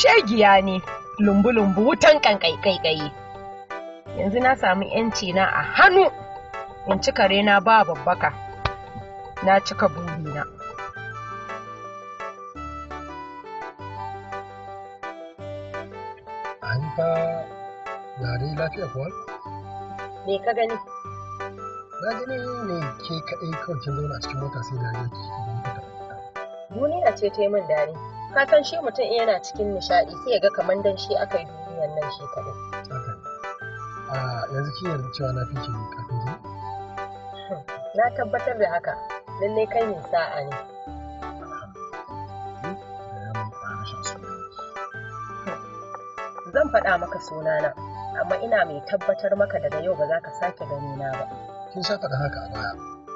shegiya ne lumbu-lumbu wutan kankai yanzu na samu yanci na a hannu in ci kare na ba babbaka na cika burina an ka yare lafiya kuwa me ka gani na gani ne ke kaɗai kawai kin zauna cikin mota sai da yake duniya ce ta yi min dare ka san shi mutum yana cikin nishaɗi sai ya ga kamar dan shi aka yi duniyar nan shi kaɗai. yanzu kin yarda cewa na fi kin kafin ji? Na tabbatar da haka, lallai kai ne sa'a ne. Zan faɗa maka sunana, amma ina mai tabbatar maka daga yau ba za ka sake gani na ba. Kin sha faɗa haka a baya,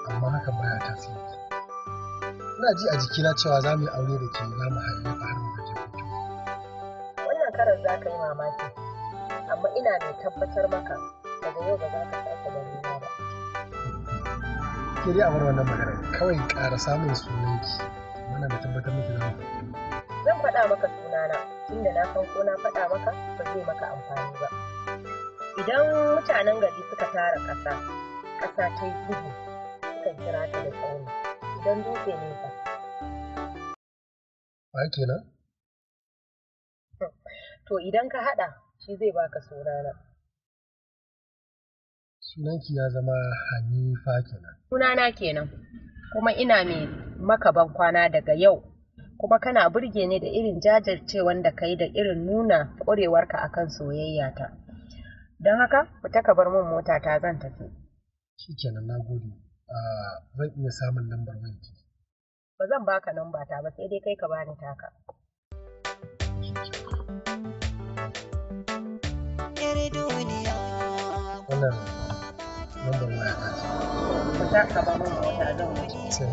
amma hakan baya tasiri. ina ji a jikina cewa za mu yi aure da ke za mu hayayyafa har mu gaje hutu. Wannan karar za ka yi mamaki, amma ina mai tabbatar maka daga yau ba za ka sake gani ba. Ke dai a bar wannan magana kawai ƙara samun sunanki mana da tabbatar miki da Zan faɗa maka sunana tunda na san ko na faɗa maka ba zai maka amfani ba. Idan mutanen gari suka tara ƙasa, ƙasa ta yi duhu sukan kira ta da tsauni. don dutse ne ba. kenan? To idan ka haɗa shi zai baka sunana. Sunanki ya zama Hanifa kenan. Sunana kenan. Kuma ina mai makaban kwana daga yau kuma kana burge ni da irin jajircewan da ka yi da irin nuna ƙwarewarka kan soyayya ta. Don haka, fita ka bar min mota ta zan tafi. Shikenan na gode. zan iya samun lambar wanki ba zan baka lamba ta ba sai dai kai ka bani taka wannan lambar waya ta ce ba ta ka ba mun wata zan wuce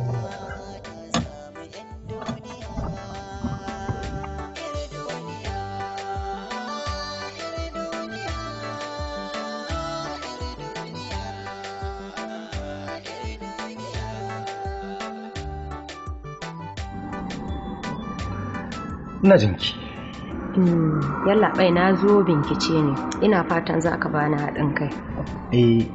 ina jinki hmm, yalla bai na zo bincike ne ina fatan za ka bani haɗin kai eh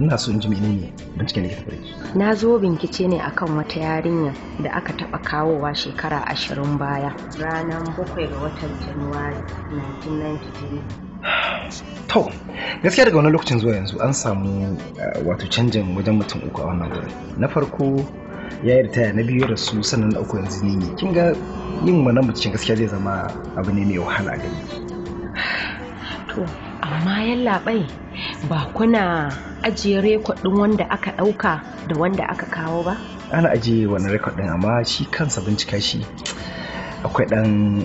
ina so in ji menene binciken da ke tafi na zo bincike ne akan wata yarinya da aka taɓa kawowa shekara ashirin baya ranar bakwai ga watan januwari 1993 to gaskiya daga wani lokacin zuwa yanzu an samu eh, wato canjin wajen mutum uku a wannan gari na farko ya yi ritaya na biyu su sannan na uku yanzu ne kin ga yin wannan mutum gaskiya zai zama abu ne mai wahala a gani to amma yallaɓai ba kuna ajiye rekodin wanda aka ɗauka da wanda aka kawo ba ana ajiye wani rekodin amma shi kansa bincika shi akwai ɗan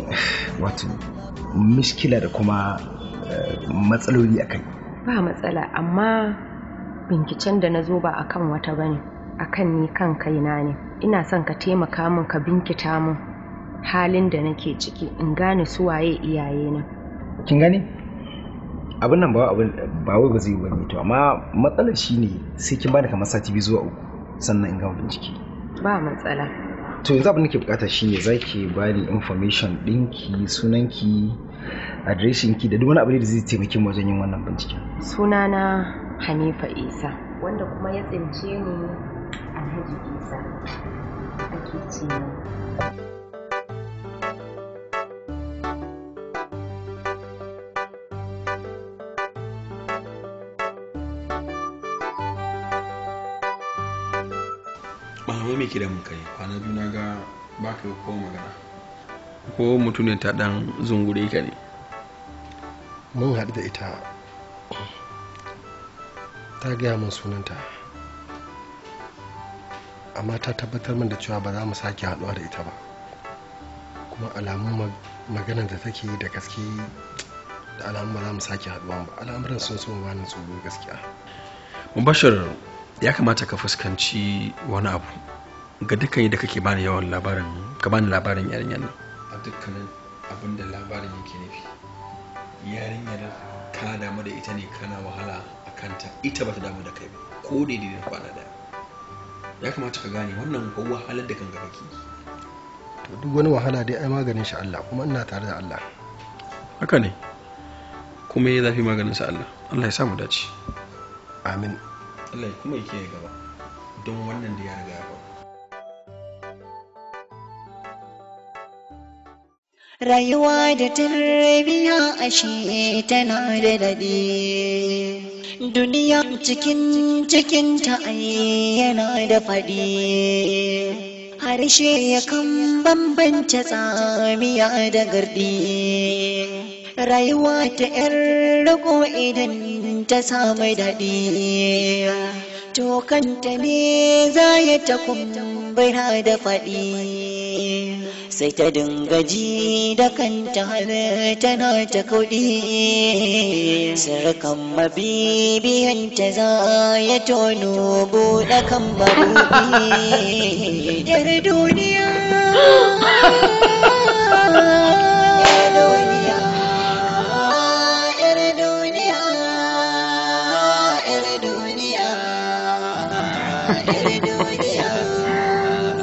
wato miskila da kuma eh, matsaloli akai ba matsala amma binkicen da na zo ba akan wata bane akan ni kan kaina ne ina son ka taimaka min ka binkita min halin da nake ciki in gane su waye iyayena kin gane abin nan ba ba wai ba zai wani to amma matsalar shi ne sai kin bani kamar sati biyu zuwa uku sannan in gama bincike ba matsala to yanzu abin da ke bukata shi ne zaki bani information dinki sunanki adireshinki da duk wani abu da zai taimake mu wajen yin wannan binciken sunana Hanifa Isa wanda kuma ya tsince ni alhaji isa ake ce ba mai kidan muka yi kwana biyu na ga baka yi kowa magana ko mutum ne ta dan zungure ka ne mun haɗu da ita ta gaya min sunanta amma ta tabbatar min da cewa ba za mu sake haɗuwa da ita ba kuma alamun maganar da take da gaske da alamun ba za mu sake haɗuwa ba al'amuran sun so ba ni tsoro gaskiya mubashir ya kamata ka fuskanci wani abu ga dukkan da kake bani yawan labarin ka bani labarin yarinyar yana a dukkanin abin da labarin yake nufi yarinyar ka damu da ita ne kana wahala a kanta ita ba ta damu da kai ba ko daidai da kwana daya ya kamata ka gane wannan ko wahalar da ganga kake to duk wani wahala dai ai maganin shi Allah kuma ina tare da Allah haka ne kuma ya zafi maganin sa Allah Allah ya samu dace amin Allah ya kuma yake gaba don wannan da ya riga ya faru rayuwa da tarbiya ashe tana da daɗi duniya cikin cikin ta yana da faɗi harshe ya kan bambanta tsamiya da gardi rayuwa ta ƴar rago idan ta samu daɗi Tokanta ne za ya ta kumbura da faɗi sai ta dinga ji da kanta halitta tana ta kuɗi sarkan mabibiyanta za ya tono buɗakan kan mabuɗi yar duniya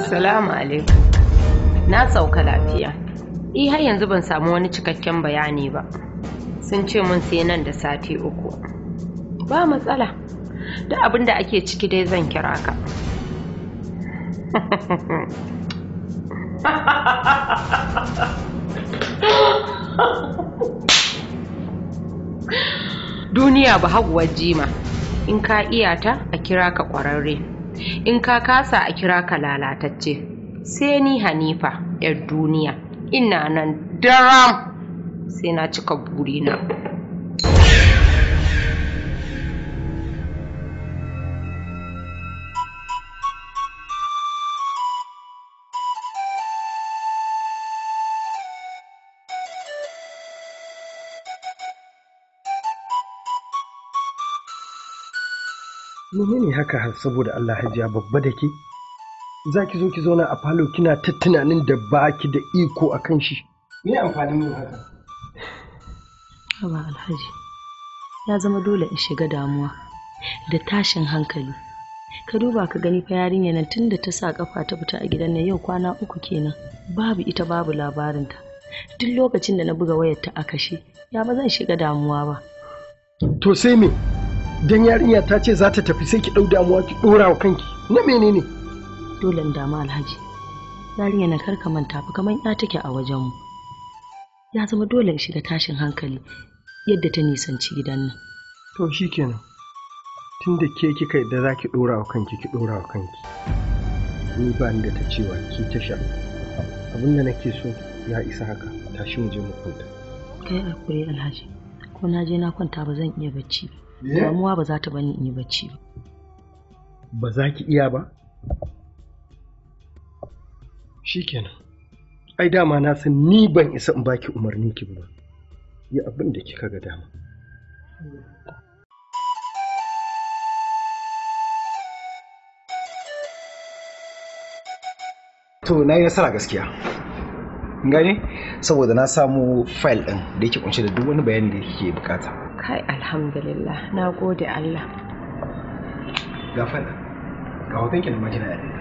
Salamu alaikum. na sauka lafiya eh har yanzu ban samu wani cikakken bayani ba sun ce mun sai nan da sati uku ba matsala duk abin da ake ciki dai zan kira ka duniya ba haguwar jima in ka iyata a kira ka ƙwararre in ka kasa a kira ka lalatacce sai ni hanifa yar duniya ina nan daram sai na cika burina menene haka saboda Allah hajiya babba da ke za ki zo ki zauna a falo kina ta tunanin da ba ki da iko a kan shi me amfanin yin haka Haba Alhaji ya zama dole in shiga damuwa da tashin hankali ka duba ka gani fa yarinya nan da ta sa kafa ta fita a gidan nan yau kwana uku kenan babu ita babu labarinta duk lokacin da na buga wayar ta a kashe ya ba zan shiga damuwa ba to sai me dan yarinya ta ce za ta tafi sai ki ɗau damuwa ki ɗora wa kanki na menene dole in damu alhaji yarinya na karka manta fa kamar ya take a wajen mu ya zama dole in shiga tashin hankali yadda ta nisanci gidan nan to shikenan tunda ke kika yadda za ki dora wa kanki ki dora wa kanki ni ba ni da ta cewa ki ta sha abin da nake so ya isa haka tashi mu je mu kwanta kai akwai alhaji ko na je na kwanta ba zan iya bacci ba damuwa ba za ta bani in yi bacci ba ba za ki iya ba shikenan ai dama na san ni ban isa in baki umarni ki ba yi abin da kika ga dama to na yi nasara gaskiya gane saboda na samu fayil ɗin da yake kunshe da duk wani bayani da yake bukata kai alhamdulillah na gode allah ga fayil ga hoton ki na majina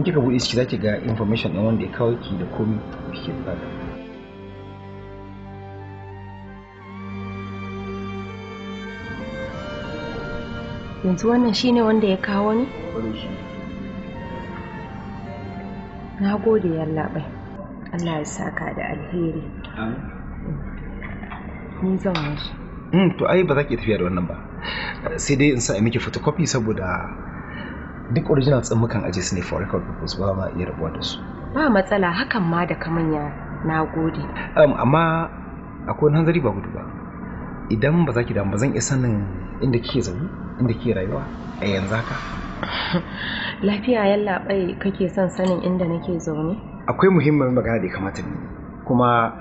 in kika buɗe ciki zaki ga information ɗin wanda ya kawo ki da komai da kike bukata yanzu wannan shi ne wanda ya kawo ni na gode yallaɓai allah ya saka da alheri ni zan wasu hmm, to ai ba za ki tafiya da wannan ba sai dai in sa miki photocopy saboda duk original tsin mukan aje su ne for record purpose ba ma iya rabuwa da su ba matsala hakan ma da kamanya na gode um, amma akwai wani hanzari ba gudu ba idan ba za ki damu ba zan iya sanin inda kike zaune inda kike rayuwa a yanzu haka lafiya yalla bai kake son sanin inda nake zaune akwai muhimmin magana da ya kamata ne kuma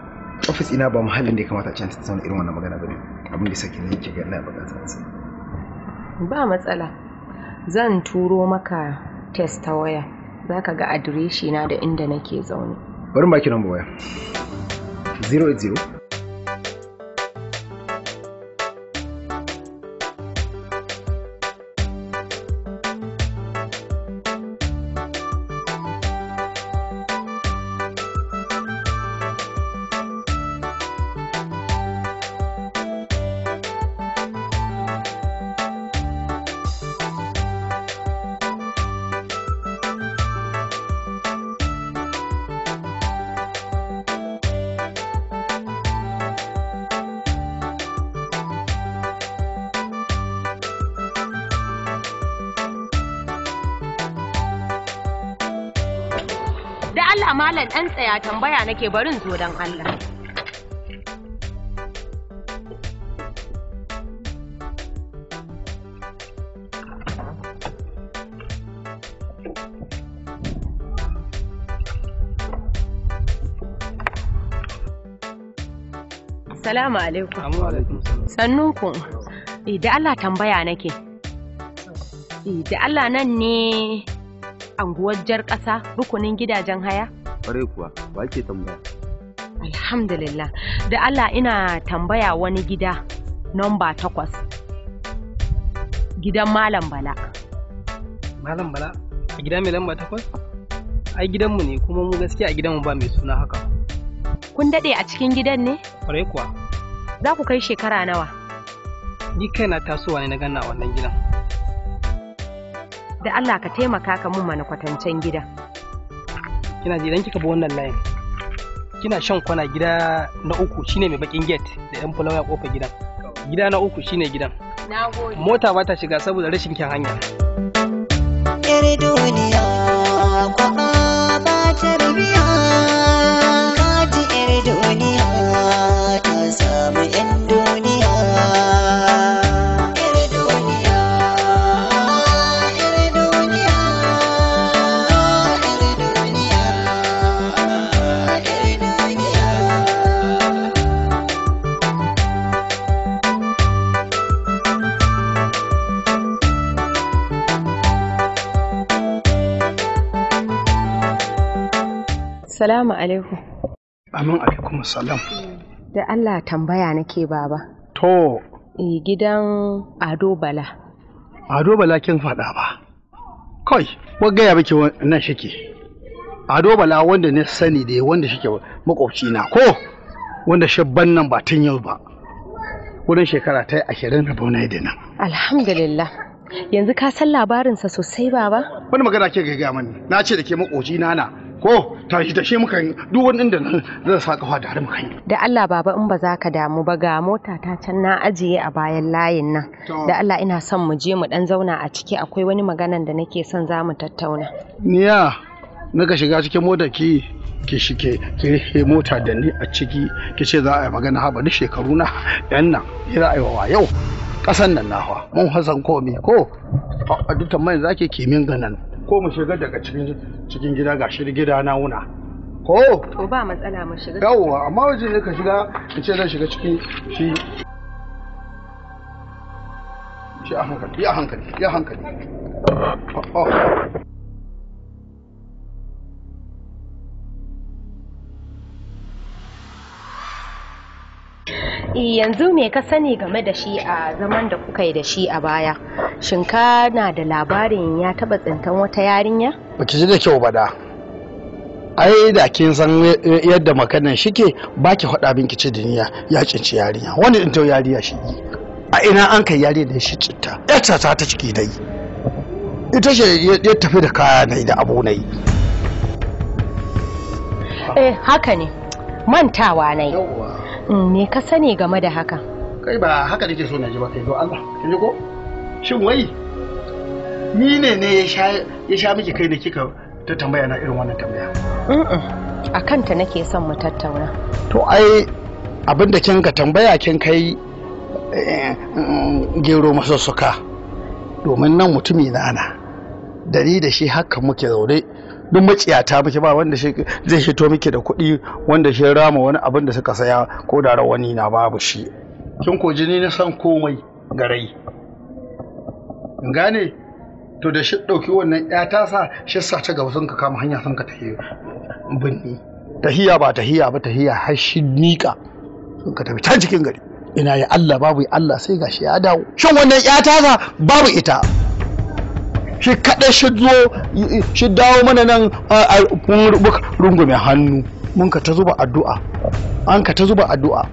ofis ina ba muhallin da ya kamata a can tattauna irin wannan magana bane abin da sake ne yake ga ina bukatar ba matsala zan turo maka test ta waya za ka ga adireshi na da inda nake zaune bari baki nan waya 080 yaya tambaya nake barin zo don Allah. Salamu alaikum. Sannu ku. Eh, da Allah tambaya nake. Eh, da Allah nan ne anguwar jar ƙasa rukunin gidajen haya? Ƙwarai kuwa. ba ke tambaya alhamdulillah da Allah ina tambaya wani gida nomba takwas gidan malam bala malam bala a gida mai lamba takwas ai gidanmu ne kuma mu gaskiya a gidanmu ba mai suna haka kun daɗe a cikin gidan ne kwarai kuwa za ku kai shekara nawa ni na tasowa ne na gana wannan gidan da Allah ka taimaka ka mun mana kwatancen gidan kina ji idan kika bi wannan layin kina shan kwana gida na uku shine mai bakin gate da yan fulawa kofa gidan gida na uku shine gidan mota ba ta shiga saboda rashin kyan hanya duniya ba Salamu alaikum. Amin alaikum salam. Da Allah tambaya nake baba. To. E, gidan Ado Bala. Ado Bala kin faɗa ba. Kai, wa gaya baki nan shike. Ado Bala wanda na sani da wanda shike makwabci na ko wanda shabban nan ba tun yau ba. Wurin shekara ta ashirin da nan. Alhamdulillah. yanzu ka san labarinsa sosai baba wani magana ke ga mani na ce da ke makoci nana ko tashi shi muka yi. duk wani inda zan sa kafa da muka yi da Allah baba in ba za ka damu ba ga mota ta can na ajiye a bayan layin nan da Allah ina son mu je mu dan zauna a ciki akwai wani magana da nake son za mu tattauna niya naga shiga cikin mota ki ki shike ki mota da ni a ciki ki za a yi magana haba da shekaru na yan nan za a yi wa yau ƙasan nan nawa mun hasan komi ko a duk tambayin zake kimin ganan ko mu shiga daga cikin cikin gida ga shi gida na wuna ko to ba matsala mu shiga yawa amma waje ne ka shiga in ce zan shiga cikin shi shi a hankali ya hankali ya hankali oh, oh. E, yanzu me ka sani game da shi a zaman da kuka yi da shi a baya shin ka na da labarin ya taba tsintan wata yarinya ba ki ji da kyau ba da ai da kin san yadda makanan shike ba ki faɗa binki ci duniya ya cinci yarinya Wani in tau yariya shi a ina an kai yari da shi citta yata ta ta ciki dai ita ce ya tafi da kaya na da abu na yi eh haka ne mantawa na yi ne mm, ka sani game da haka kai ba haka nake so na ji ba kai zo Allah kin ji ko shin wai ni ne ne ya sha ya sha miki kai da kika ta tambaya na irin wannan tambaya a kanta nake son mu tattauna to ai abin da kin ka tambaya kin kai eh, mm, gero masu domin nan mutumi na ana da da shi haka muke zaune duk maciyata muke ba wanda zai hito miki da kuɗi wanda shi rama wani abin da suka saya ko da rawani na babu shi kin ko jini na san komai garai gane to da shi ɗauki wannan ya ta sa, shi sa ta gaba sun ka kama hanya sun ka tafi binni tahiya ba tahiya ba tahiya har shi nika sun ka tafi ta cikin gari ina ya Allah babu ya Allah sai gashi ya dawo shin wannan ya ta sa babu ita shi kaɗai shi zo shi dawo mana nan a rungume hannu mun ka ta zuba addu'a an ka ta zuba addu'a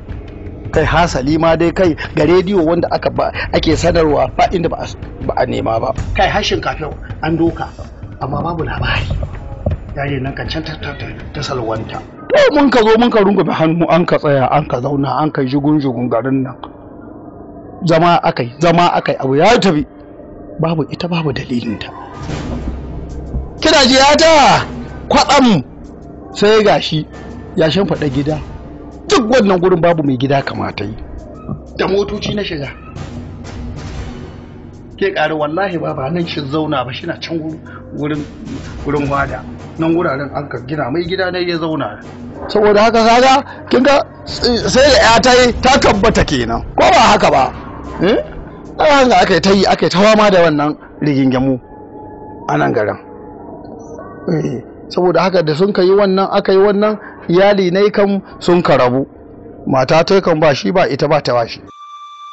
kai hasali ma dai kai ga rediyo wanda aka ba ake sanarwa ba inda ba a nema ba kai hashin kafin an doka amma babu labari yare nan kan can ta salwanta to mun ka zo mun ka rungume hannu an ka tsaya an ka zauna an ka jigun jigun garin nan zama akai zama akai abu ya tafi babu ita babu dalilinta kina ji ta kwaɗam sai gashi ya shimfiɗa gida duk wannan gurin babu mai gida kamata yi da motoci na shiga ke ƙari wallahi ba nan shi zauna ba shina can gurin gurin wada, nan wuraren an ka gina mai gida ne ya zauna saboda haka kaga kinga sai da ya ta yi ta tabbata kenan ko ba haka ba eh ɗan aka yi ta yi aka yi ta wama da wannan rigingamu a nan garin eh, saboda haka da sun yi wannan aka yi wannan iyali na kan sun ka rabu mata ta kan ba shi ba ita ba ta ba shi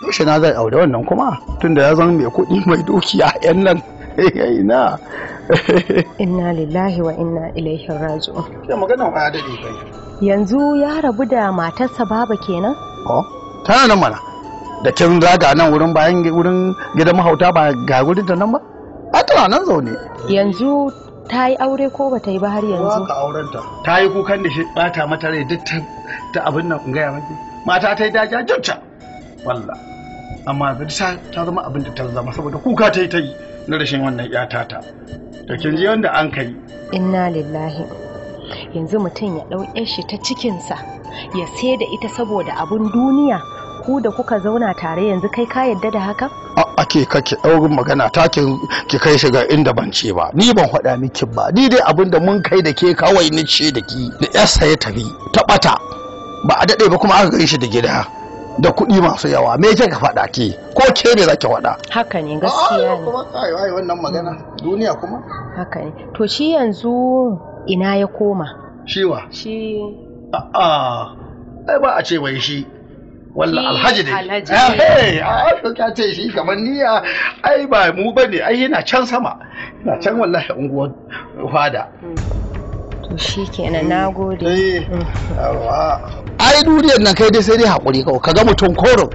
yaushe na zai aure wannan kuma tunda ya zan mai kuɗi mai dukiya yan nan eh, ina inna lillahi wa inna ilaihi raji'un ke magana ba dade yanzu ya rabu da matarsa baba kenan oh tana nan mana da kin zaga nan wurin bayan wurin gidan mahauta ba ga gurin ta nan ba a tana nan zaune yanzu ta yi aure ko ba ta yi ba har yanzu ka auren ta yi kukan da shi bata mata rai duk ta abin nan gaya maki mata ta yi daja jutta walla amma ta ta zama abin da ta zama saboda kuka ta yi ta yi na rashin wannan ya tata to kin ji wanda an kai inna lillahi yanzu mutum ya ɗau shi ta cikinsa ya sai da ita saboda abun duniya ku da kuka zauna tare yanzu kai ka yadda da haka ake kake ɗaurin magana ta ki kai shiga inda ban ce ba ni ban faɗa miki ba ni dai abin da mun kai da ke kawai ni ce da ki da yarsa ya tafi ta ɓata ba a daɗe ba kuma aka gani shi da gida da kuɗi masu yawa me yake ka faɗa ke ko ke ne zaki faɗa haka ne gaskiya ne kuma ai wannan magana duniya kuma haka ne to shi yanzu ina ya koma shi wa shi a'a ai ba a ce bai shi walla alhaji ne alhaji a ah, ah, ka ce shi kamar niya ah, ai ba mu bane ai yana can sama yana can wallahi unguwar fada mm. to shikenan nagode mm. eh mm. ai duniyar nan kai dai sai dai hakuri kawai kaga mutum korin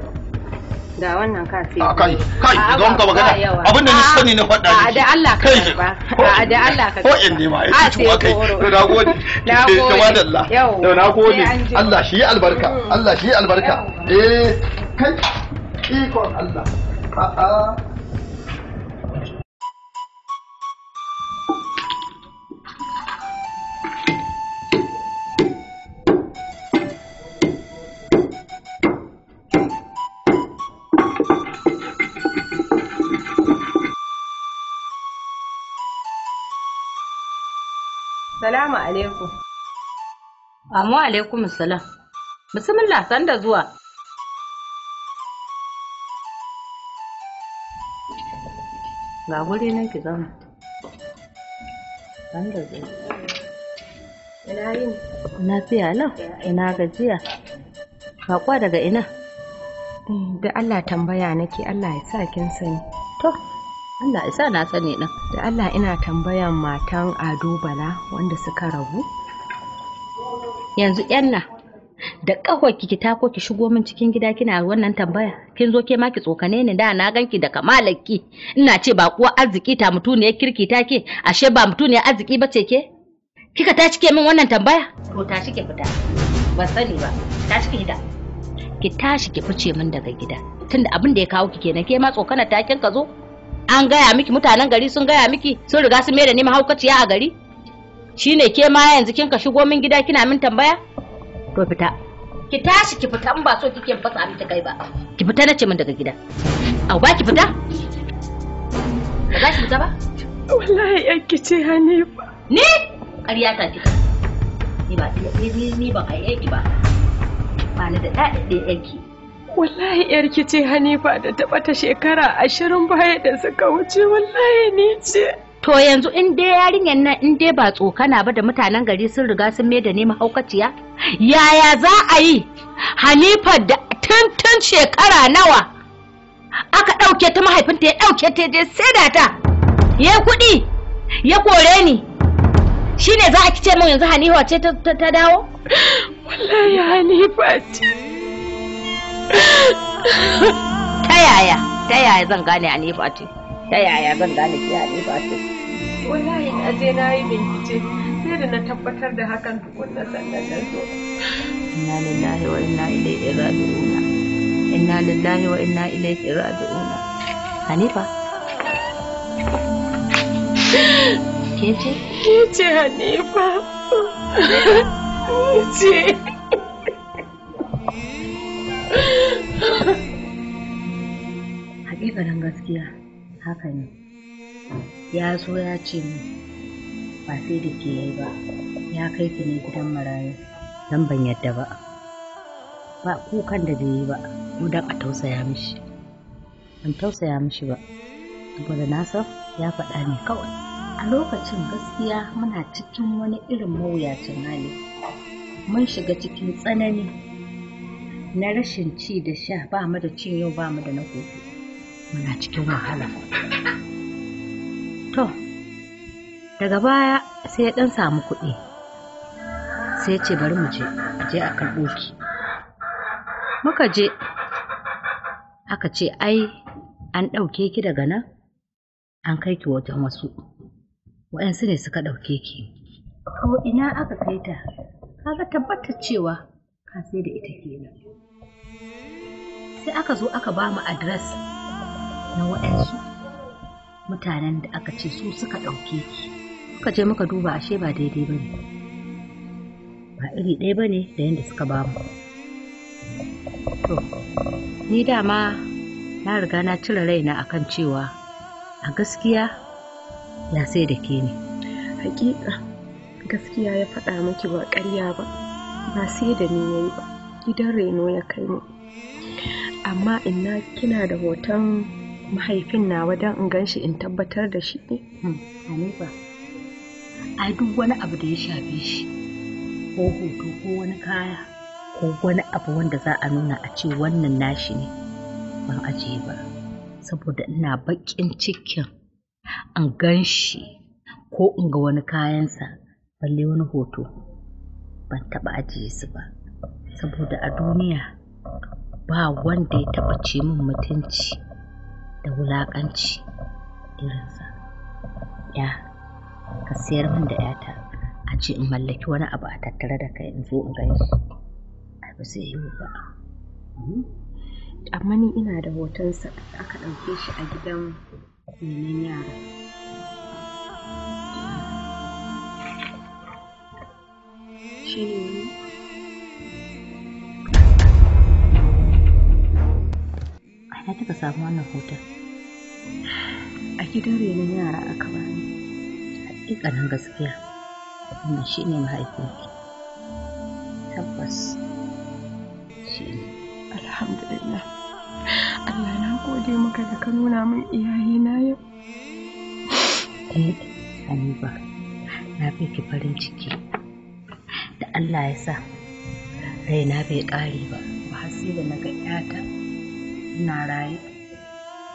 da wannan ka sai a ah, kai kai ga ah, wanka magana abin da ni ah, sani na faɗa ne da Allah ka ba a da Allah ka ko in ne ma ya ci kai to na gode na eh, gode to na gode Allah shi albarka mm. Allah shi albarka eh kai ikon Allah a'a Assalamu alaikum. Amu alaikum salam. Bismillah san da zuwa. Ga guri nan ki zama. San da zuwa. Ina yin? Lafiya nan, ina gajiya. Kakwa daga ina? Eh, da Allah tambaya nake Allah ya sa kin sani. Allah ya sa na sani ɗin. da Allah ina tambayan matan Ado Bala wanda suka rabu yanzu nan, da kawai kiki tako ki shigo min cikin gida kina wannan tambaya kin zo ke ma ki tsokane ni da na ganki da kamalaki ina ce ba kuwa arziki ta mutu ne kirki take ashe ba mutu ne arziki bace ke kika ta cike min wannan tambaya to ta shike fita ban sani ba ta shike gida ki tashi ki fice min daga gida tunda abin da ya kawo ki kenan ke ma tsokana takin ka zo an gaya miki mutanen gari sun gaya miki sun riga sun maida ni mahaukaciya a gari shine ke ma yanzu kin ka shigo min gida kina min tambaya to fita ki tashi ki fita in ba so kike fasa miki kai ba ki fita nace min daga gida au ba ki fita ba za ki fita ba wallahi yanki ce hanifa ni ƙarya ta kika ni ba ni ba ai ki ba ba ni da daɗaɗɗen ki wallahi yar ce hanifa da ta bata shekara ashirin baya da suka wuce wallahi ni ce to yanzu in dai yarinyar nan in dai ba tsokana ba da mutanen gari sun riga sun mai da nema haukaciya yaya za a yi hanifa da tuntun shekara nawa aka ɗauke ta mahaifinta ya ɗauke ta je sai da ta ya kuɗi ya kore ni shine za a kice min yanzu hanifa ce ta dawo wallahi hanifa ce ta yaya ta yaya zan gane anifa ce ta yaya zan gane ki anifa ce wallahi na je na yi bincike sai da na tabbatar da hakan tukunna sannan na zo inna lillahi wa inna ilaihi raji'un inna lillahi wa inna ilaihi raji'un hanifa ke ce ke ce hanifa kece ce Hakikanin gaskiya haka ne. Ya zo ya ce min ba sai da ke yi ba, ya kai ki ne gidan marayu don ban yadda ba. Ba kukan da bai yi ba, ko a tausaya mishi. Ban tausaya mishi ba, saboda na san ya faɗa ne kawai. A lokacin gaskiya muna cikin wani irin mawuyacin hali. Mun shiga cikin tsanani na rashin ci da sha ba mu da cin yau ba mu da na gobe. muna cikin wahala to daga baya sai ya ɗan samu kuɗi sai ya ce bari mu je a je a karɓo ki muka je aka ce ai an ɗauke ki daga nan an kai ki wajen wasu waɗansu ne suka ɗauke ki ko ina aka kai ta kaga tabbatar cewa ka sai da ita kenan sai aka zo aka ba mu adres na waɗansu mutanen da aka ce su suka ɗauke ki suka je muka duba ashe ba daidai ba ne ba iri ɗaya ba ne da yadda suka ba mu ni dama na riga na cire raina akan cewa a gaskiya ya sai da ke ne hakika gaskiya ya faɗa miki ba ƙarya ba ba sai da ni yayi ba gidan reno ya kai mu amma ina kina da hoton mahaifin na don in gan shi in tabbatar da shi ne? Eh, hmm, Hanifa, ai duk wani abu da ya shafe shi, ko hoto ko wani kaya, ko wani abu wanda za a nuna a ce wannan nashi ne, ban ajiye ba, saboda ina baƙin cikin an gan shi ko in ga wani kayansa, balle wani hoto, ban taɓa ajiye su ba, saboda a duniya ba wanda ya taɓa ce min mutunci. da wulaƙanci irinsa. Ya, ka siyar min da ‘yata a ce in mallaki wani abu a tattare da kai in zo in gani. Ai ba sai yi ba. Amma ni ina da hotonsa aka ɗauke shi a gidan renon yara. Shi ne ya taka samu wannan hoton a gidan renon yara aka bani hakikanin gaskiya wannan shi ne mahaifinki tabbas shi ne alhamdulillah Allah na gode maka da ka nuna min iyaye na yau eh Hanifa na fi ki farin ciki da Allah ya sa raina bai ƙare ba ba hasi da na ga 'yata ina raye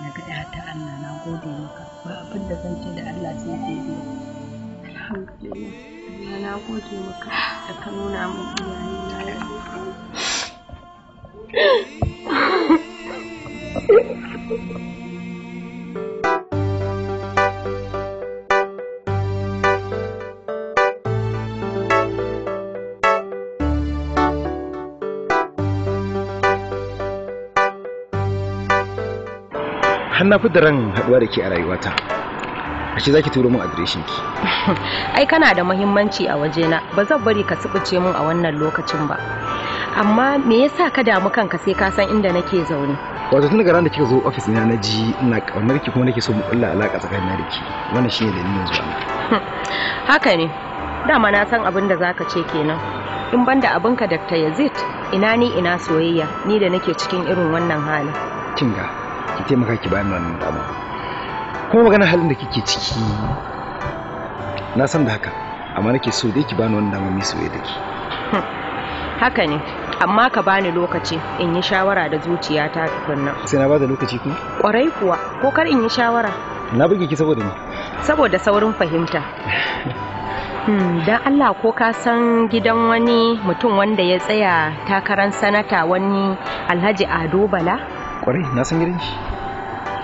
na ga ta Allah na gode maka ba abin da zan ce da Allah sai godiya alhamdulillah na gode maka da ka nuna min iyayen na na fi da ran haɗuwa da ke a rayuwata ashe zaki turo min adireshin ki ai kana da muhimmanci a wajena ba zan bari ka tsibice min a wannan lokacin ba amma me yasa ka damu kanka sai ka san inda nake zaune wato tun daga ran da kika zo ofis ina na ji ina kaunar ki kuma nake so mu kulla alaka tsakanin na da ki wannan shine dalilin zuwa haka ne dama na san abin da zaka ce kenan in banda abinka Dr. Yazid ina ni ina soyayya ni da nake cikin irin wannan halin kinga ki taimaka ki bayan wannan dama kuma magana halin da kike ciki na san da haka amma nake so dai ki bani wannan dama mai soyayya da ki haka ne amma ka bani lokaci in yi shawara da zuciyata tukunna sai na bada lokaci ku kwarai kuwa ko kar in yi shawara na buge ki saboda ni saboda saurin fahimta hmm, don Allah ko ka san gidan wani mutum wanda ya tsaya takarar sanata wani alhaji ado bala kwarai na san gidan shi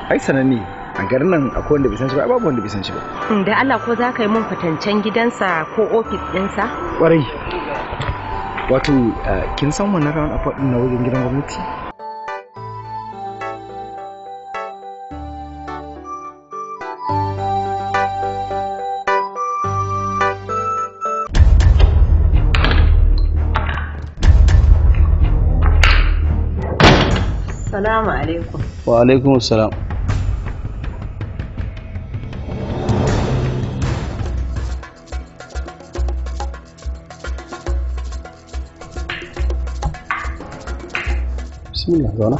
ai sananne a garin nan akwai wanda bai san shi ba babu wanda bai san shi ba hmm, da Allah ko za ka yi mun fatancen gidansa ko ofis ɗinsa kwarai wato kin san wannan rawan afa na wajen gidan gwamnati Assalamu alaikum. Wa alaikum salam. bismillah zauna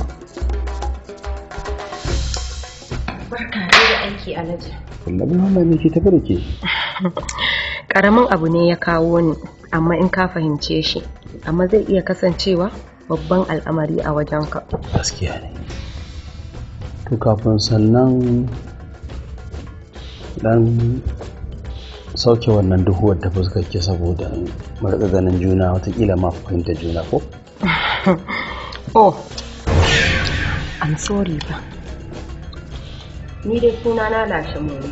barka da aiki kullum mai ke tafi da ke karamin abu ne ya kawo ni amma in ka fahimce shi amma zai iya kasancewa babban al'amari a wajen ka. gaskiya ne to kafin sannan dan sauke wannan duhuwar da fuskar ke saboda marika ganin juna watakila ma fahimta juna ko oh i'm sorry ba ni dai kuna na lashe mori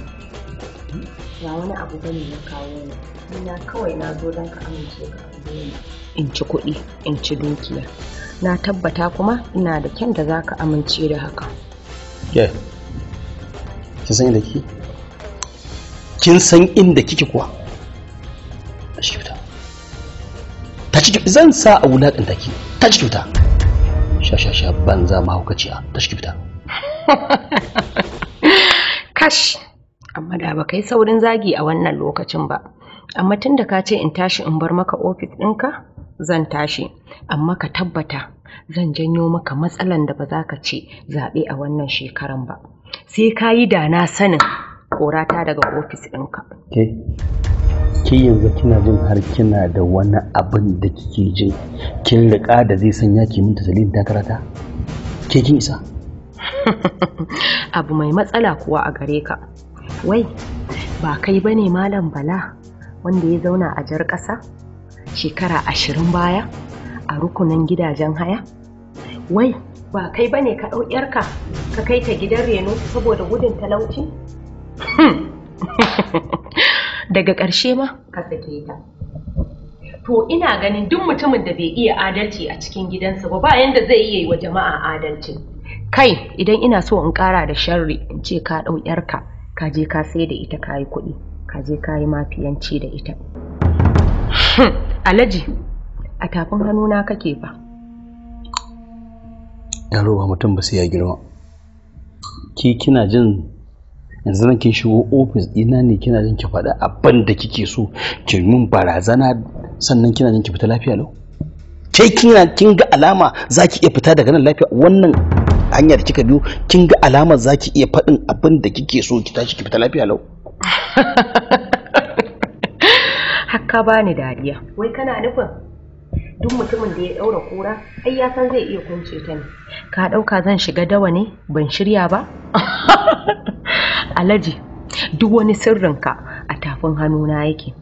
ba wani abu bane na kawo ni na kawai na zo don ka amince ka in ci kuɗi in ci dukiya na tabbata kuma ina da kyan da za ka amince da haka ke kin san inda kike kin san inda kike kuwa a ciki kyauta ta ciki, zan sa a wulaƙanta ki ta ciki kyauta sha sha sha banza mahaukaciya ta shi fita kash amma da ba kai saurin zagi a wannan lokacin ba amma tun da ka ce in tashi in bar maka ofis ɗinka zan tashi amma ka tabbata zan janyo maka matsalan da ba za ka ce zaɓe a wannan shekaran ba sai ka yi da na sanin korata daga ofis ɗinka. Okay. ke yanzu kina jin har kina da wani abin da kike jin kin rika da zai sanya ki minta salin takara ta ke kin isa abu mai matsala kuwa a gare ka wai ba kai bane malam bala wanda ya zauna a jar ƙasa shekara ashirin baya a rukunin gidajen haya wai ba kai bane ka ɗau ka, ka kai ta gidan reno saboda gudun talauci daga ƙarshe ma ka sake ta to ina ganin duk mutumin da bai iya adalci a cikin gidansa ba bayan da zai iya yi wa jama'a adalci kai idan ina so in ƙara da sharri in ce ka ɗau ƴarka, ka je ka sai da ita ka yi kuɗi ka je ka yi mafiyanci da ita hm, Alhaji, a tafin hannuna kake ba yaro ba mutum ba sai ya girma ki kina jin yanzu nan kin shigo ofis ina ne kina jin ki faɗa abin da kike so ki mun barazana sannan kina jin ki fita lafiya lau Kai kina kin ga alama zaki iya fita daga nan lafiya wannan hanya da kika biyo kin ga alama zaki iya faɗin abin da kike so ki tashi ki fita lafiya lau hakka bani dariya wai kana nufin duk mutumin da ya daura kura ai ya san zai iya kunce ta ne ka dauka zan shiga dawa ne ban shirya ba alaji duk wani sirrinka a tafin hannuna yake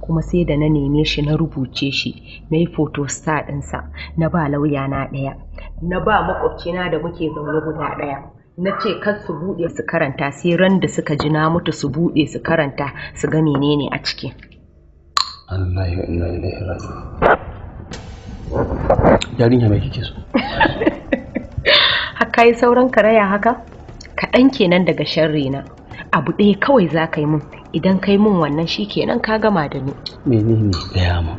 kuma sai da na neme shi na rubuce shi na yi photostat ɗinsa na ba lauya na ɗaya na ba makwabcina da muke zaune guda ɗaya na ce kar su buɗe su karanta sai ran da suka ji na mutu su buɗe su karanta su ga menene a ciki Allah ya haka yi sauran karaya haka kaɗan kenan daga sharri na abu ɗaya kawai za ka yi mun idan ka yi mun wannan shi kenan ka gama da ni ne gaya mu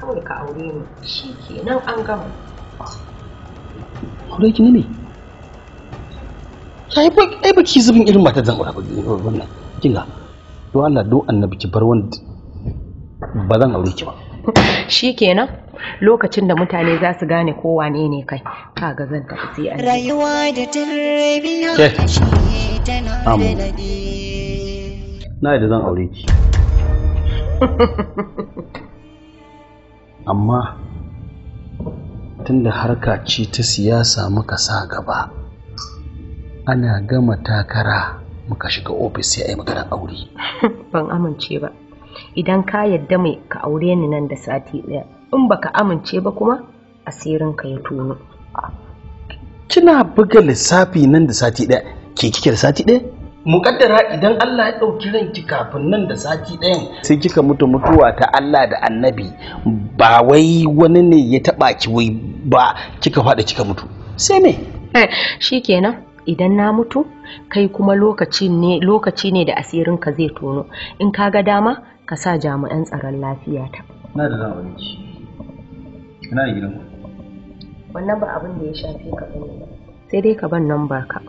kawai ka aure ni shi kenan an gama aure ki ne ai ba ai ba ki irin matar zan aure wannan kinga don Allah don annabi ki bar wanda ba zan aure ki ba Shi kenan, lokacin da mutane za su gane ko wane ne kai ka ga zan tafi sai an rayuwa da na yadda zan aure ki amma tunda harka ce ta siyasa muka sa gaba ana gama takara muka shiga ofis ya a yi maganar aure ban amince ba idan ka yadda mai ka aure ni nan da sati ɗaya in baka amince ba kuma asirinka ya tono kina buga lissafi nan da sati ɗaya ke kike da sati ɗaya muƙaddara idan Allah ya ɗauki ranki kafin nan da sati ɗayan sai kika mutu mutuwa ta Allah da annabi ba wai wani ne ya taɓa ki wai ba kika faɗa kika mutu sai me eh, shikenan idan na mutu kai kuma lokaci ne lokaci ne da asirinka zai tono in ka ga dama ka sa jami'an tsaron lafiya ta na da zan abinci ina da gidanku wannan ba abin da ya shafe ka bane sai dai ka ban nan ka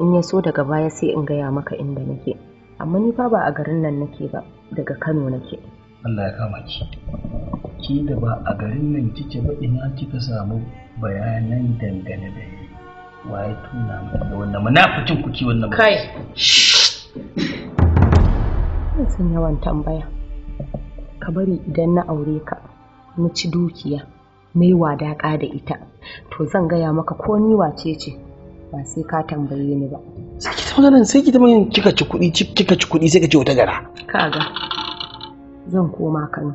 in ya so daga baya sai in gaya maka inda nake amma ni fa ba a garin nan nake ba daga Kano nake Allah ya kama ki ki da ba a garin nan kike ba ina kika samu bayanan dangane da ni waye tuna mata da wannan munafikin kuki wannan kai ban san yawan tambaya ka bari idan na aure ka na ci dukiya "Mai, wadaƙa da ita to zan gaya maka ko ni wace ce ba sai ka tambaye ni ba sai ki ta sai ta kika ci kuɗi kika sai ka ce wata gara kaga zan koma Kano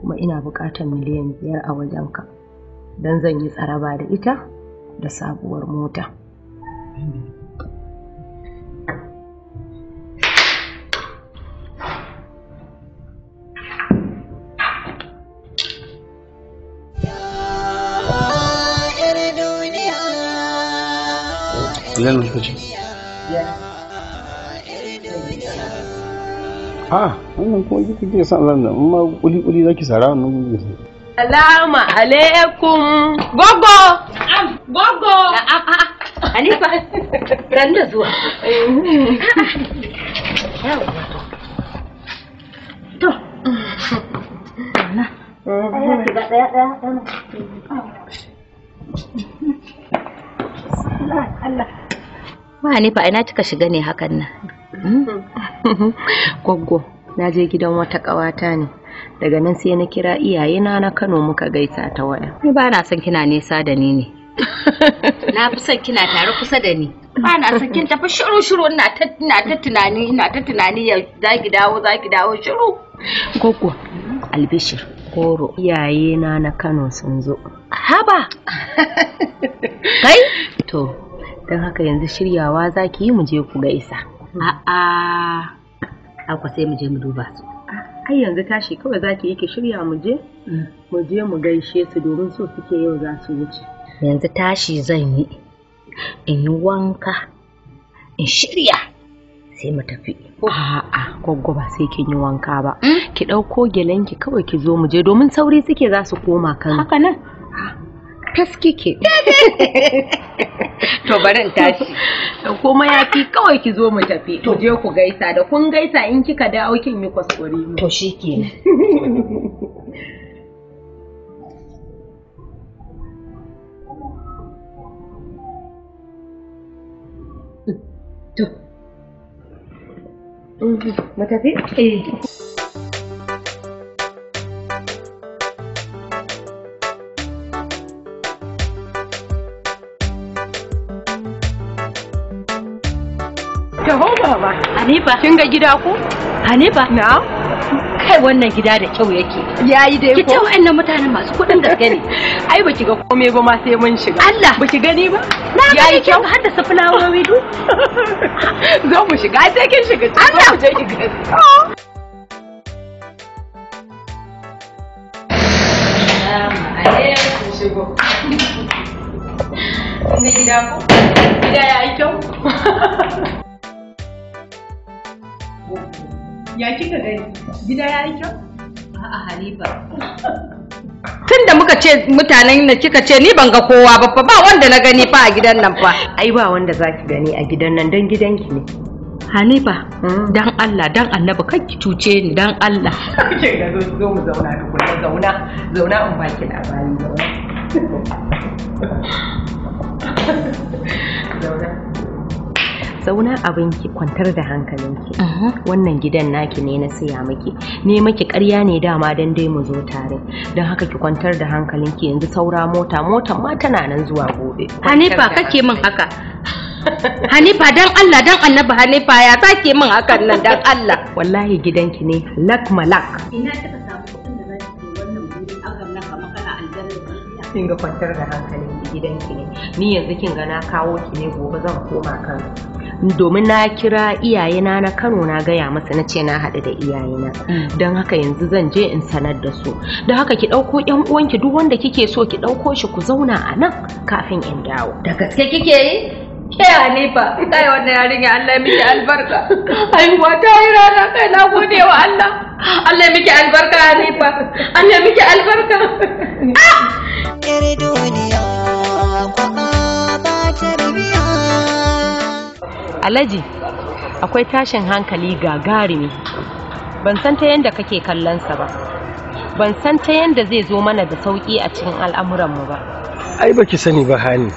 kuma ina buƙatar miliyan biyar a wajen ka don zan yi tsaraba da ita da sabuwar mota. Ilan suka ce? Ah, wannan kuma kika kike san Allah nan, amma kuli kuli zaki sara wannan kike san. Assalamu alaikum. Gogo. Gogo. Hanifa, ran da zuwa. To. Allah. Allah. ma ne fa ina kika shiga ne hakan nan hmm? goggo na je gidan wata ƙawata ne daga nan sai na kira iyayena na Kano muka gaisa ta waya ni ba na son kina nesa da ni ne na fi son kina tare kusa da ni ba na son kin tafi shiru shiru ina ta ina ta tunani ina ta tunani ya zaki dawo zaki dawo shiru Goggo, albishir koro iyaye na na Kano sun zo haba kai to don haka yanzu shiryawa za ki yi mu je ku gaisa mm-hmm. a'a ku sai mu je mu duba su ah, ai yanzu tashi kawai za ki yi ki shirya mu je mm. mu je mu gaishe su domin so suke yau za su wuce yanzu tashi zan yi in yi wanka in shirya sai mu tafi. A'a, gwaggo ba sai kin yi wanka ba. Mm. Ki ɗauko gelenki kawai ki zo mu je domin sauri suke za su koma kan. Haka nan. Ah. fes ke, to barin tashi ya fi kawai ki zo mu tafi to je ku gaisa da kun gaisa in kika dawo kin yi kwaskwari to To, mm-hmm. mu tafi? Eh. Hanifa. Kin ga gida ku? Hanifa? Na. Kai wannan gida da kyau yake. Yayi dai ko. Ki ce wa'annan mutanen masu kuɗin gaske ne. Ai ba ki ga komai ba ma sai mun shiga. Allah. Ba ki gani ba? Na ga yayi kyau har da su fulawowi du. Za mu shiga sai kin shiga. Allah. Zo ki gani. Shigo. gida ko? Gida ya yi kyau? Ya kika gani? Gida ya yi kyau? A'a Halifa. Tun da muka ce mutanen da kika ce ni ban ga kowa ba fa ba wanda na gani fa a gidan nan fa. Ai ba wanda za ki gani a gidan nan don gidanki ne. Hanifa, hmm? dan Allah, don Allah ba ki cuce ni dan Allah. Kike ga zo zo mu zauna tukuna zauna zauna in ki labari zauna. Zauna. zauna abinki kwantar da hankalinki wannan gidan naki ne na siya miki ne miki karya ne dama don dai mu zo tare don haka ki kwantar da hankalinki yanzu saura mota motan ma tana nan zuwa gobe hanifa kake min haka hanifa dan Allah dan annabi hanifa ya sake min hakan nan dan Allah wallahi gidanki ne lak malak ina kika samu kin ga kwantar da hankalin gidanki ne ni yanzu kin ga na kawo ki ne gobe zan koma kan domin na kira iyayena na kano na gaya masa na ce na haɗu da iyayena mm. don haka yanzu zan je in sanar da su da haka ki ɗauko ƴan uwanki duk wanda kike so ki ɗauko shi ku zauna a nan kafin in dawo da gaske kike yi ke hanifa kai wannan yarinya Allah miki albarka haihuwa ta yi rana kai na gode wa Allah Allah miki albarka hanifa Allah miki albarka ah alaji akwai tashin hankali gagarumi ban san ta yadda kake kallonsa ba ban san ta yadda zai zo mana da sauki a cikin al'amuranmu ba ai ba ki sani ba hani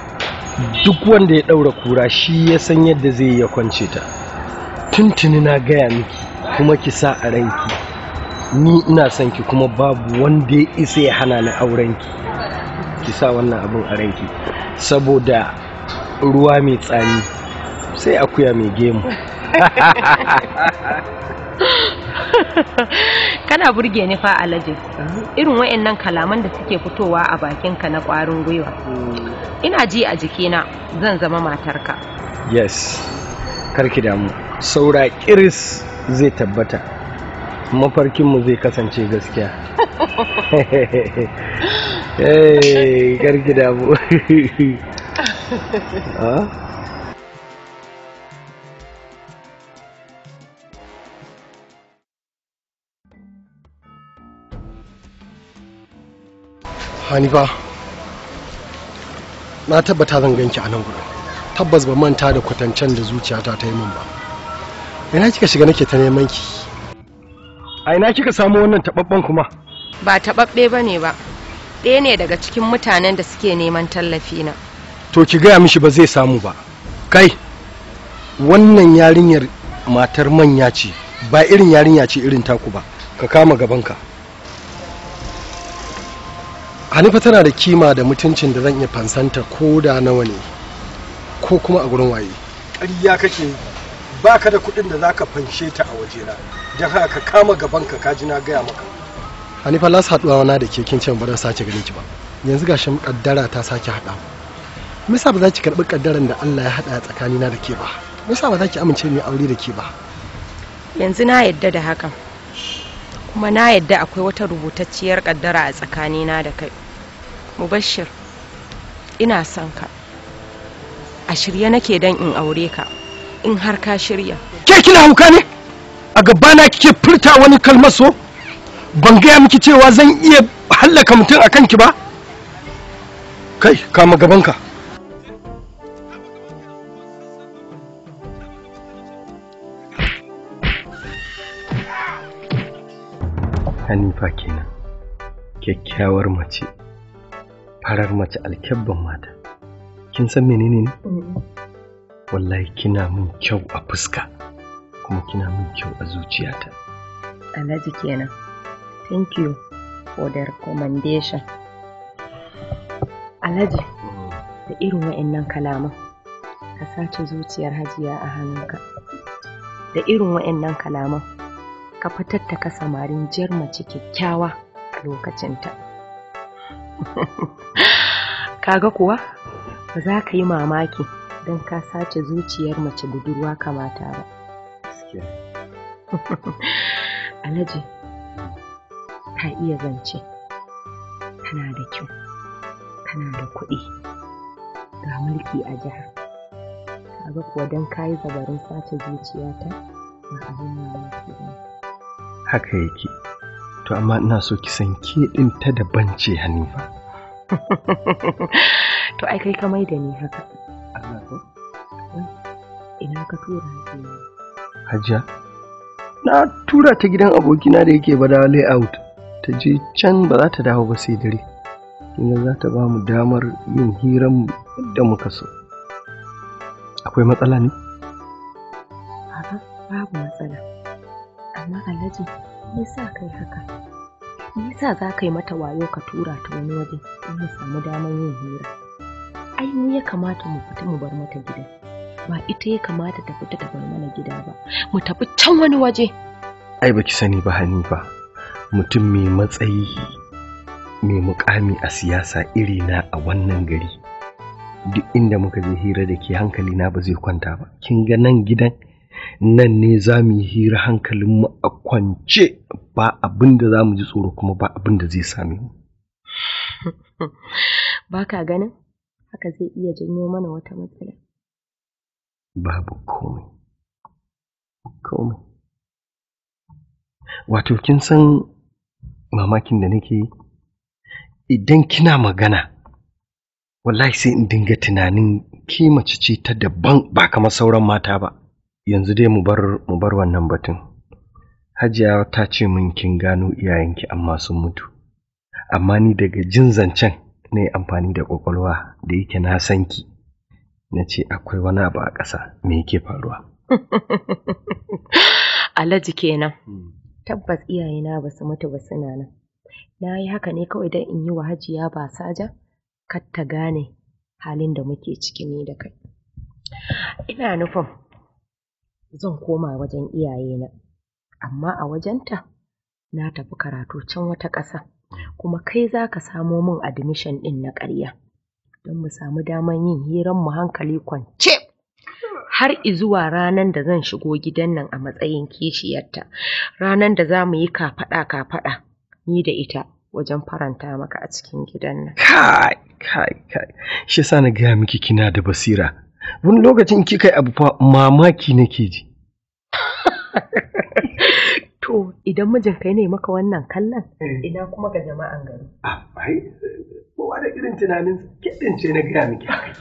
duk wanda ya ɗaura kura shi ya san yadda zai ya kwance ta tuntuni na gaya miki kuma ki sa a ranki ni ina son ki kuma babu wanda ya isa ya hana ni aurenki ki sa wannan abin a ranki saboda ruwa mai tsami sai akuya mai gemu kana burge ni fa alaji irin wa'annan kalaman da suke fitowa a bakinka na ƙwarin gwiwa ina ji a jikina zan zama matarka yes karki damu saura kiris zai tabbata mafarkinmu zai kasance gaskiya karki damu ah? hanifa na tabbata zan ganki a nan gurin tabbas ba manta da kwatancen da zuciyata ta yi min ba ina kika shiga nake ta neman ki a ina kika samu wannan tababben kuma ba tababbe ba ne ba ɗaya ne daga cikin mutanen da suke neman tallafi na to ki gaya mishi ba zai samu ba kai wannan yarinyar matar manya ce ba irin yarinya ce irin taku ba ka kama gabanka hanifa tana da kima da mutuncin da zan iya fansanta ko da nawa ne ko kuma a gurin waye ƙarya kake baka da kuɗin da zaka fanshe ta a wajena don haka ka kama gaban ka kaji na gaya maka hanifa lasa haɗuwa wana da ke kin ce ba zan sake gani ki ba yanzu gashin kaddara ta sake haɗa misa ba za ki karɓi kaddaran da Allah ya haɗa tsakanina da ke ba misa ba za ki amince mu aure da ke ba yanzu na yadda da hakan kuma na yadda akwai wata rubutacciyar kaddara a tsakanina da kai mubashir ina son ka a shirye nake dan in aure ka in har ka shirya ke kina hauka ne a gabana kike furta wani kalmaso ban gaya miki cewa zan iya hallaka mutum akan kanki ba kai kama gabanka Hanifa kenan kyakkyawar mace farar mace alkyabban mata kin san menene ne mm. wallahi kina min kyau a fuska kuma kina min kyau a zuciyata alhaji kenan thank you for the recommendation alhaji da irin wa'annan kalaman ka sace zuciyar hajiya a hannunka da irin wa'annan kalaman ka fitar da ka samarin jiyar mace kyakkyawa a lokacinta kaga kuwa ba za ka yi mamaki don ka sace zuciyar mace budurwa kamata ba alhaji ta iya zance tana da kyau tana da kuɗi ga mulki a jiha kaga kuwa don ka yi zabarin sace zuciyata ba abin mamaki ba haka yake to amma ina so ki san ke din ta daban ce hanifa to ai kai da ni haka Allah ko ina ka tura hajiya na tura ta gidan abokina da yake bada layout ta je can ba za ta dawo ba sai dare kinga za ta ba mu damar yin hiran da muka so akwai matsala ne sa za ka yi mata wayo ka tura ta wani waje in mu samu damar yin hira ai mu ya kamata mu fita mu bar mata gida ba ita ya kamata ta fita ta bar mana gida ba mu tafi can wani waje ai baki sani ba hanifa mutum mai matsayi mai mukami a siyasa iri na a wannan gari duk inda muka je hira da ke hankali na ba zai kwanta ba kin ga nan gidan nan ne za mu yi hira hankalinmu a kwance ba abin da za mu ji tsoro kuma ba abin da zai sami. mu ba ka ganin haka zai iya janyo mana wata matsala babu komai komai wato kin san mamakin da nake idan kina magana wallahi sai in dinga tunanin ke mace ce ta daban ba kamar sauran mata ba yanzu dai mu bar wannan batun Hajiya ta ce min kin gano iyayenki amma sun mutu. Amma ni daga jin zancen na yi amfani da ƙwaƙwalwa da yake na san ki. Na ce akwai wani abu a ƙasa me yake faruwa. Alhaji kenan. Hmm. Tabbas iyayena ba su mutu ba suna nan. Na yi haka ne kawai don in yi wa hajiya ba saja, kar ta gane halin da muke ciki ne da kai. Ina nufin zan koma wajen iyayena. amma a wajenta na tafi karatu can wata ƙasa hmm. kuma kai za ka samo min admission ɗin na ƙarya don mu samu daman yin hiran mu hankali kwance har izuwa ranar da zan shigo gidan nan a matsayin kishiyarta ranar da za mu yi kafaɗa kafaɗa ni da ita wajen faranta maka a cikin gidan nan kai kai kai shi sa na gaya miki kina da basira wani lokacin kika yi abu fa mamaki nake ji To idan mijinka ne maka wannan kallon eh. ina kuma ga jama'an gari. Ai, kowa da irin tunanin kiɗin ce na gaya miki haka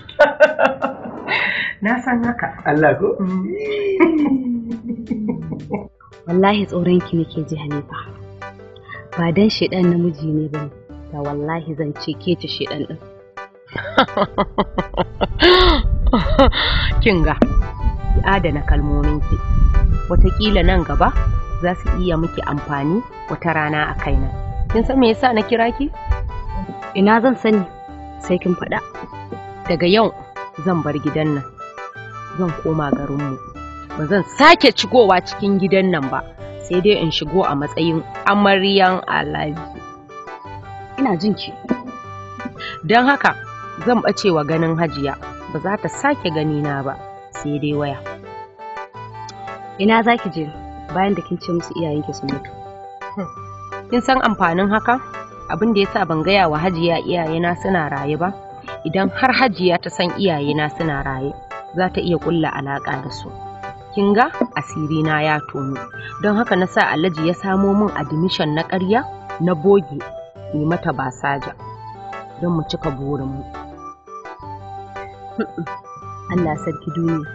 Na san haka. Allah ko? Mm. Wallahi tsoron ki nake ji Hanifa. Ba dan shedan namiji ne ba da wallahi zan ce ke ci shedan din. Kinga, ki adana kalmomin ki. watakila nan gaba za su iya miki amfani wata rana a kaina kin san me yasa na kira ki ina zan sani sai kin faɗa daga yau zan bar gidan nan zan koma garinmu ba zan sake cigowa cikin gidan nan ba sai dai in shigo a matsayin amaryan alaji ina jin ki don haka zan ɓace wa ganin hajiya ba za ta sake ganina ba sai dai waya ina za ki je bayan da kin ce musu iyayenki sun mutu kin san amfanin haka abin da yasa ban gaya wa hajiya iyayena suna raye ba idan har hajiya ta san iyayena suna raye za ta iya kulla alaka da su kin ga asiri na ya tono don haka na sa alhaji ya samo min admission na ƙarya na boge ne mata basaja don mu cika burinmu Allah sarki duniya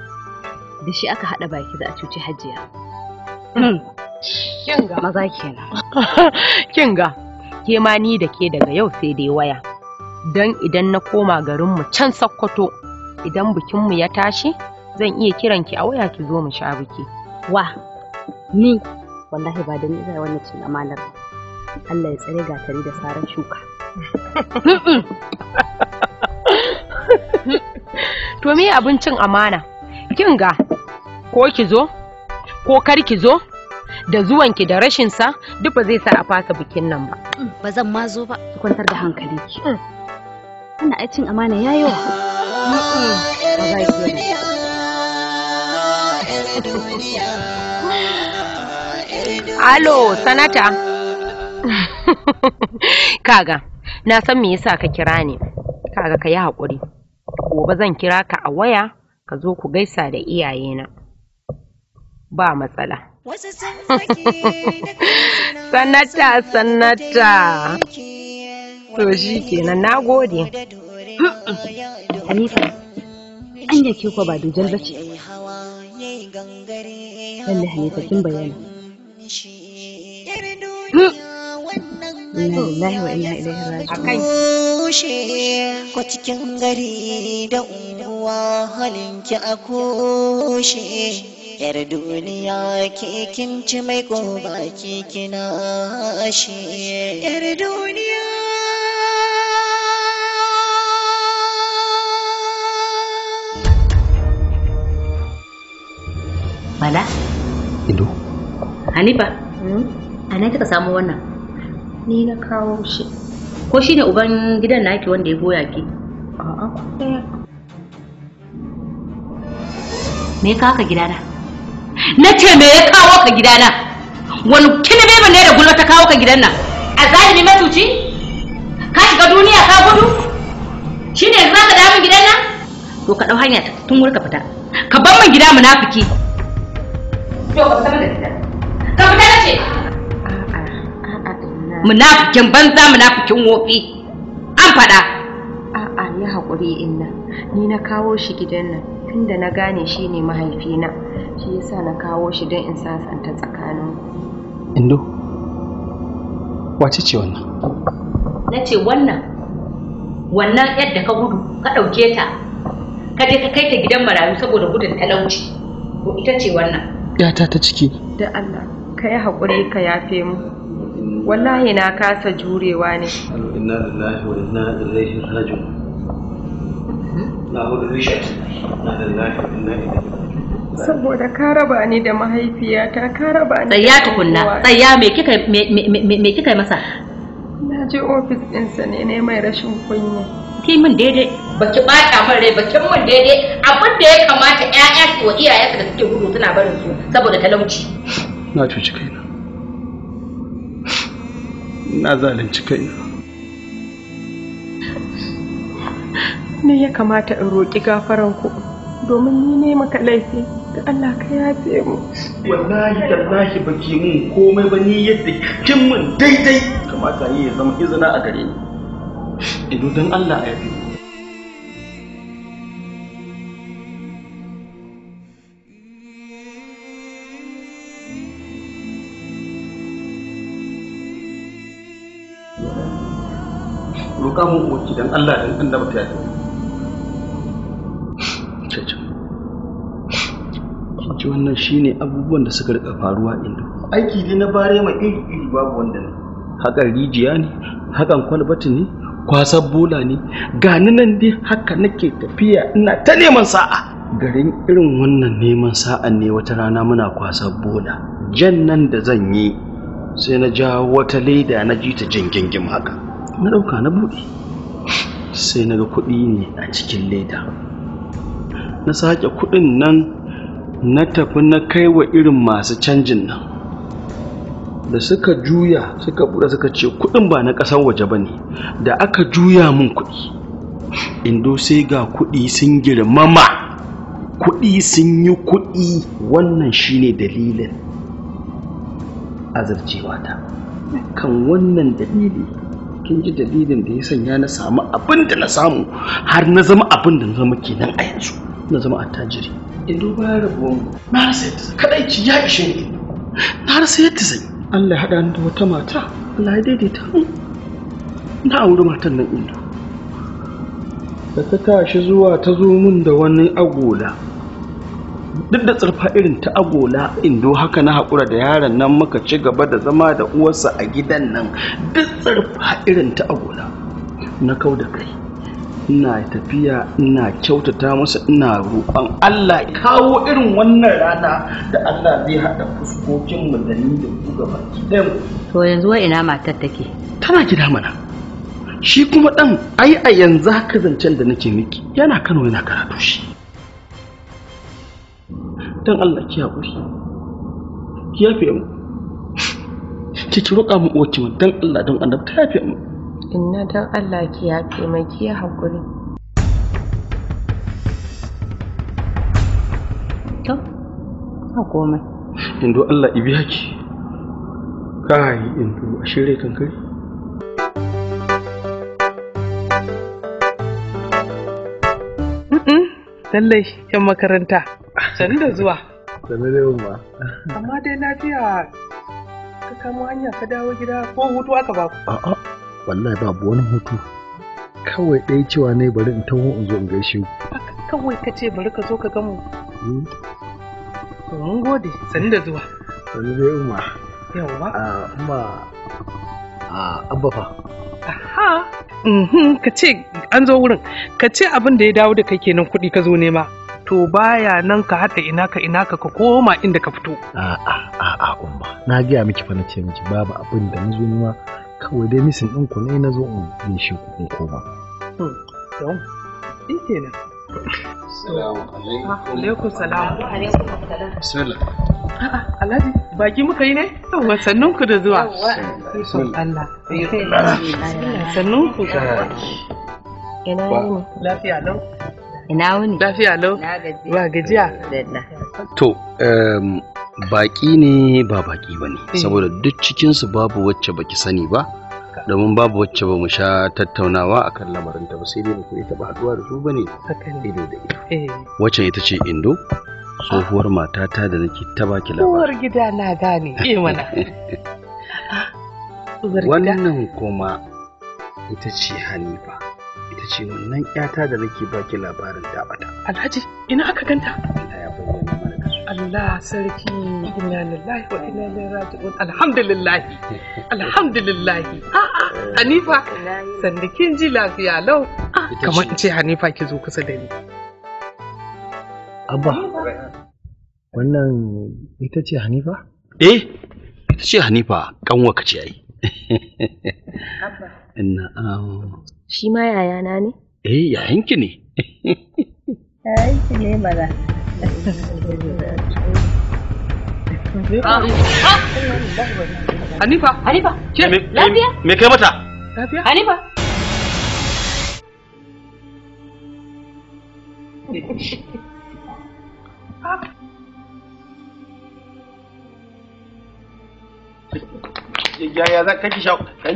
da shi aka haɗa baki za a cuci hajiya hmm. kinga maza kenan kinga ke ma ni da ke daga yau sai dai waya don idan na koma garinmu can sakkwato idan bikinmu ya tashi zan iya kiran ki a waya ki zo mu sha biki wa ni wallahi ba da ni zai wannan cin amanar Allah ya tsare gatari da saran shuka to me abincin amana kin ga ko ki zo ko kar ki zo da zuwanki da rashin sa duk ba zai sa a fasa bikin nan ba. Hmm, ba zan ma zo ba. Ki kwantar da hankali. ki hmm. ina a amana yayo Alo, sanata. Kaga, na san me yasa ka kira ni. Kaga ka yi haƙuri. Gobe zan kira ka a waya ka zo ku gaisa da iyayena ba matsala sanata sanata to shi kenan na gode Hanifa, an yake ko ba dujal ba Allah kin bayani inna lillahi wa inna ilaihi raji'un ku cikin gari da unguwa halinki a koshe yar duniya ke kinci mai ko baki kina ashe yar duniya Bala? Ido. Hanifa, hmm? a na kika samu wannan? ni na kawo shi ko shi ne uban gidan naki wanda ya goya ki a'a me ya kawo ka gidana na ce me ya kawo ka gidana wani kini bebe ne da gulma ta kawo ka gidan nan a zahiri matuci ka shiga duniya ka gudu shi ne za ka damu gidan nan to ka ɗau hanya tun wurka fita ka bar min gida munafiki to ka fita da gida ka fita na ce munafikin banza munafikin wofi an faɗa a'a yi haƙuri inna ni na kawo shi gidan nan tunda na gane shi ne mahaifina shi yasa na kawo shi don in sasanta tsakanin indo wace ce wannan na ce wannan wannan yadda ka gudu ka ɗauke ta ka je ka kai ta gidan marayu saboda gudun talauci ko ita ce wannan yata ta ciki da Allah ka yi haƙuri ka yafe mu wallahi na kasa jurewa ne saboda ka raba ni da mahaifiyata ka raba ni tsaya tukunna tsaya me kika masa na je ofis ɗinsa ne ne mai rashin kunya ki min daidai baki bata min rai baki min daidai abin da ya kamata ƴaƴa su wa su da suke gudu suna barin su saboda talauci na cuci kaina na zalunci kai. ne ya kamata in roƙi ku domin ni ne maka laifi da Allah ka yafe mu wallahi tallahi baki mun komai ba ni yadda kin mun daidai kamata yi ya zama izina a gare ni idan Allah ya yafe roƙa mun don dan Allah dan annabi ta yi ji wannan shine abubuwan da suka rika faruwa inda aiki dai na bare mai iri iri babu wanda ne hakan rijiya ne hakan kwalbati ne kwasan bola ne gani nan dai haka nake tafiya ina ta neman sa'a garin irin wannan neman sa'a ne wata rana muna kwasan bola jan nan da zan yi sai na ja wata leda na ji ta jin gingim haka na ɗauka na buɗe sai na ga kuɗi ne a cikin leda na sake kuɗin nan na tafi na kai wa irin masu canjin nan da suka juya suka buɗe suka ce kuɗin ba na ƙasar waje ba ne da aka juya min kuɗi indo sai ga kuɗi sun girmama kuɗi sun yi kuɗi wannan shine dalilin azarcewa kan wannan dalili kin ji dalilin da ya sanya na samu abin da na samu har na zama abin da na zama kenan a yanzu na zama attajiri in duba ya rabu na rasa yadda zai kadaici ya ishe ni na rasa yadda zai Allah ya haɗa ni da wata mata Allah ya daidaita mu na auri matan nan inda da ta tashi zuwa ta zo min da wani agola duk da tsarfa irin ta agola indo haka na haƙura da yaron nan muka ci gaba da zama da uwarsa a gidan nan duk tsarfa irin ta agola na kau da kai ina tafiya ina kyautata masa ina roƙon Allah ya kawo irin wannan rana da Allah zai haɗa fuskokin mu da ni da ku gaba to yanzu wa ina matar take tana gida mana shi kuma ɗan ai a yanzu haka zancen da nake miki yana Kano yana karatu shi don Allah ki haƙuri ki yafe mu ki ki roƙa mu uwarki mu don Allah don Allah ta yafe mu inna don Allah ki yafe mai ki ya haƙuri to ha in do Allah ibi haki kai do a shirye kankari lallai yan makaranta sani da zuwa sani da ma. amma dai lafiya ka kama hanya ka dawo gida ko hutu aka ba ku a'a wallahi babu wani hutu kawai ɗaya cewa ne bari in taho in zo in gaishe ku kawai ka ce bari ka zo ka gamu hmm? mun gode sani da zuwa sani da ma. Yawwa! Ah, amma ah, abba fa aha mhm, ka ce an zo wurin ka ce abin da ya dawo da kai kenan kuɗi ka zo nema to baya nan ka haɗa ina ka ina ka koma inda ka fito a'a a umma na gaya miki fa na ce miki babu abin da nazo ni ma kawai dai misin din ku ne nazo in yi shi ku in koma To shi kenan Assalamu alaikum. Ah, alaikum Bismillah. Alhaji, baki muka yi ne? Yawwa, sannun ku da zuwa. Allah. Sannun ku. Ina yi ne? Lafiya lau. Ina wuni? Lafiya lau? Ba gajiya? To, baƙi ne ba baƙi bane eh. saboda duk cikinsu babu wacce baki sani ba, domin babu wacce ba mu sha tattaunawa akan lamarin ta ba sai dai ba ku ita ba haduwa da su ba ne ido da ido. Eh. Wacce ita ce Indo? Tsohuwar matata da nake ta baki labarin. Tsohuwar gida na gane, eh mana. Wannan kuma ita ce Hanifa. ta ce wannan ƴata da nake baki labarin ta bata alhaji ina aka ganta Allah ya Allah sarki inna lillahi wa inna ilaihi raji'un alhamdulillah alhamdulillah a'a eh. Hanifa sanda kin ji lafiya lau ah, kamar in ce Hanifa ki zo kusa da ni Abba wannan ita ce Hanifa eh ita ce Hanifa kanwa ka ce ai Abba shi ma yayana ne? Eh, yayanki ne. Yayanki ne mara. Ah. Hanifa! Hanifa! Ce? Lafiya? Me kai mata? Lafiya? Hanifa! Ya ya za ka ki sha kai?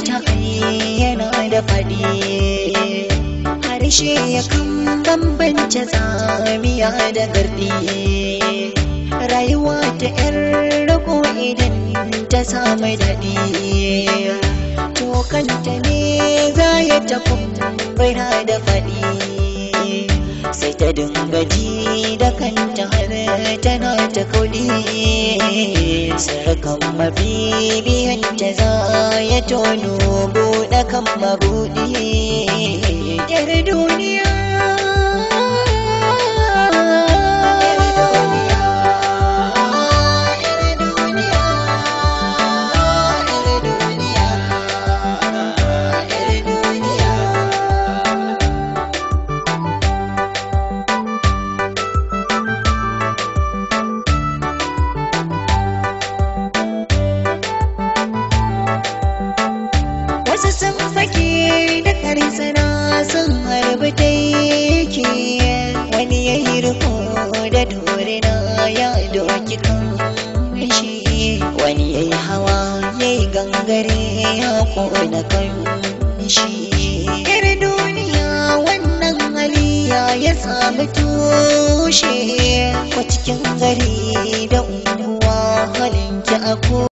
ta yana da faɗi harshe ya kan bambance tsamiya da gardi rayuwa ta ƴar rako idan ta samu daɗi to kanta ne za ya ta na da faɗi sai ta dinga ji da kanta har tana ta kauli sarkan mabibiyanta za ya tono buɗe kan mabuɗi da kai shi yar duniya wannan hali ya sami tushe ko cikin gari da unguwa halin ki ako